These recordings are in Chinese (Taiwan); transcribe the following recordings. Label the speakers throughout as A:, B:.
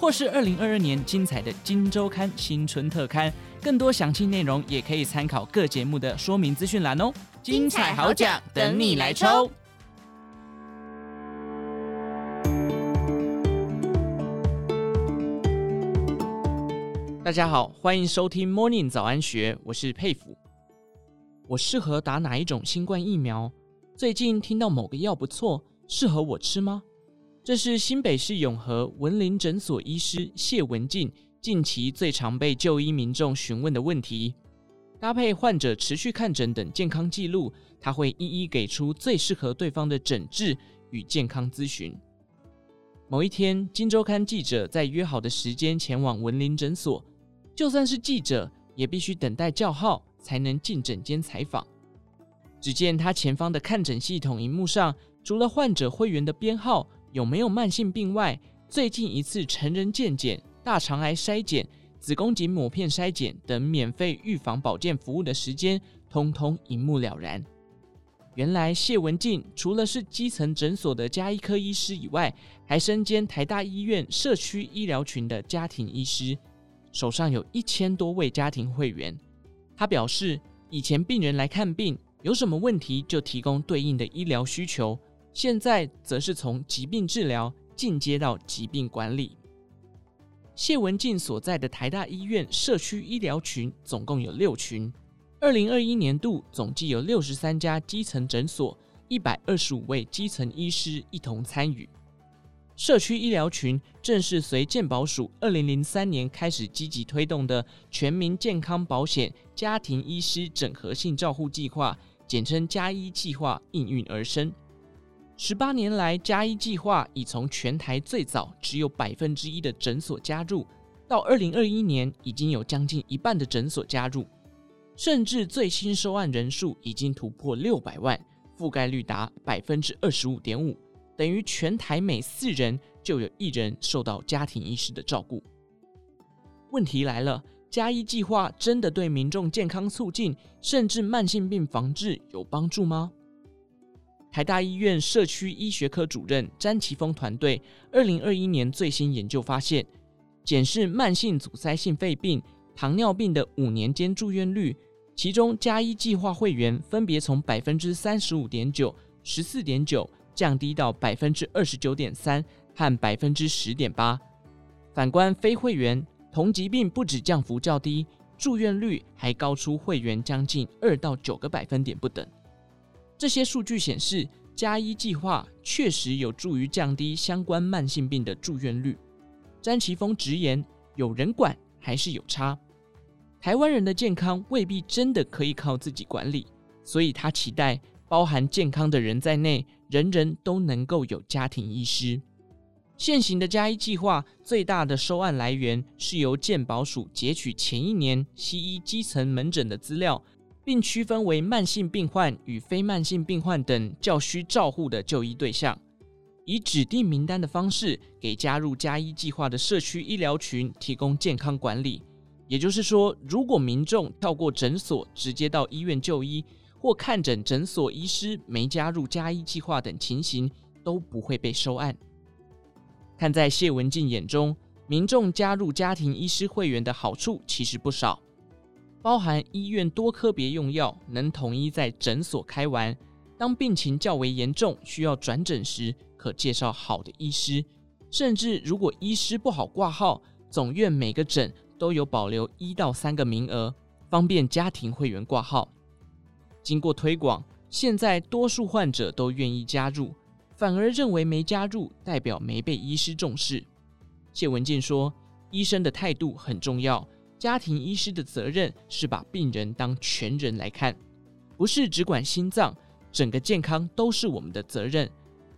A: 或是二零二二年精彩的《今周刊新春特刊》，更多詳細內容也可以參考各節目的說明資訊欄哦。精彩好獎等你來抽！大家好，歡迎收聽《Morning 早安學》，我是佩服，我適合打哪一種新冠疫苗？最近聽到某個藥不錯，適合我吃嗎？這是新北市永和文林診所醫師謝文進，近期最常被就醫民眾詢問的問題。搭配患者持續看診等健康記錄，他會一一給出最適合對方的診治與健康諮詢。某一天，今周刊記者在約好的時間前往文林診所，就算是記者也必須等待叫號才能進診間採訪。只見他前方的看診系統螢幕上，除了患者會員的編號。有沒有慢性病外？外最近一次成人健檢、大腸癌篩檢、子宮頸抹片篩檢等免費預防保健服務的時間，通通一目了然。原來謝文進除了是基層診所的家醫科醫師以外，還身兼台大醫院社區醫療群的家庭醫師，手上有一千多位家庭會員。他表示，以前病人來看病，有什麼問題就提供對應的醫療需求。現在則是從疾病治療進階到疾病管理。謝文進所在的台大醫院社區醫療群總共有六群，二零二一年度總計有六十三家基層診所、一百二十五位基層醫師一同參與。社區醫療群正是隨健保署二零零三年開始積極推動的全民健康保險家庭醫師整合性照護計劃，簡稱“家醫計劃”應運而生。十八年來，家醫計畫已從全台最早只有百分之一的診所加入，到二零二一年已經有將近一半的診所加入，甚至最新收案人數已經突破六百萬，覆蓋率達百分之二十五點五，等於全台每四人就有一人受到家庭醫師的照顧。問題來了，家醫計畫真的對民眾健康促進，甚至慢性病防治有幫助嗎？台大醫院社區醫學科主任詹其峰團隊，二零二一年最新研究發現，檢視慢性阻塞性肺病、糖尿病的五年間住院率，其中加一計劃會員分別從百分之三十五點九、十四點九降低到百分之二十九點三和百分之十點八。反觀非會員，同疾病不止降幅較低，住院率還高出會員將近二到九個百分點不等。這些數據顯示，家醫計劃確實有助於降低相關慢性病的住院率。詹其峰直言：“有人管還是有差，台灣人的健康未必真的可以靠自己管理。”所以他期待包含健康的人在內，人人都能夠有家庭醫師。現行的家醫計劃最大的收案來源是由健保署截取前一年西醫基層門診的資料。並區分為慢性病患與非慢性病患等較需照護的就醫對象，以指定名單的方式給加入家醫計畫的社區醫療群提供健康管理。也就是說，如果民眾跳過診所直接到醫院就醫，或看診診所醫師沒加入家醫計畫等情形，都不會被收案。看在謝文進眼中，民眾加入家庭醫師會員的好處其實不少。包含醫院多科別用藥能統一在診所開完，當病情較為嚴重，需要轉診時，可介紹好的醫師。甚至如果醫師不好掛號，總院每個診都有保留一到三個名額，方便家庭會員掛號。經過推廣，現在多數患者都願意加入，反而認為沒加入代表沒被醫師重視。謝文進說，醫生的態度很重要。家庭醫師的責任是把病人當全人來看，不是只管心臟，整個健康都是我們的責任。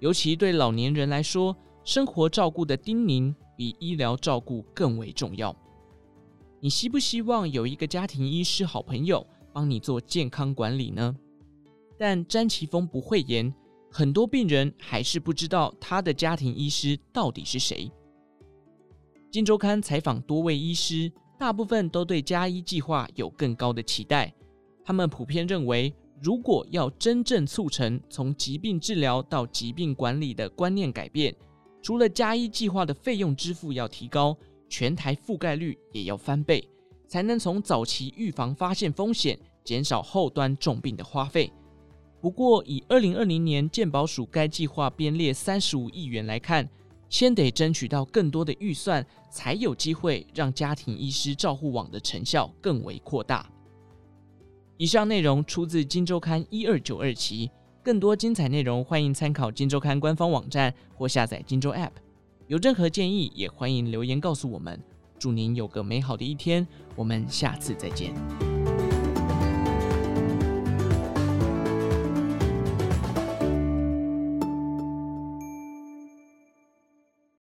A: 尤其對老年人來說，生活照顧的叮嚀比醫療照顧更為重要。你希不希望有一個家庭醫師好朋友幫你做健康管理呢？但詹啟峰不諱言，很多病人還是不知道他的家庭醫師到底是誰。《今周刊》採訪多位醫師。大部分都對家醫計畫有更高的期待，他們普遍認為，如果要真正促成從疾病治療到疾病管理的觀念改變，除了家醫計畫的費用支付要提高，全台覆蓋率也要翻倍，才能從早期預防發現風險，減少後端重病的花費。不過，以二零二零年健保署該計劃編列三十五億元來看，先得爭取到更多的預算，才有機會讓家庭醫師照護網的成效更為擴大。以上內容出自《今周刊》一二九二期，更多精彩內容歡迎參考《今周刊》官方網站或下載《今周》App。有任何建議也歡迎留言告訴我們。祝您有個美好的一天，我們下次再見。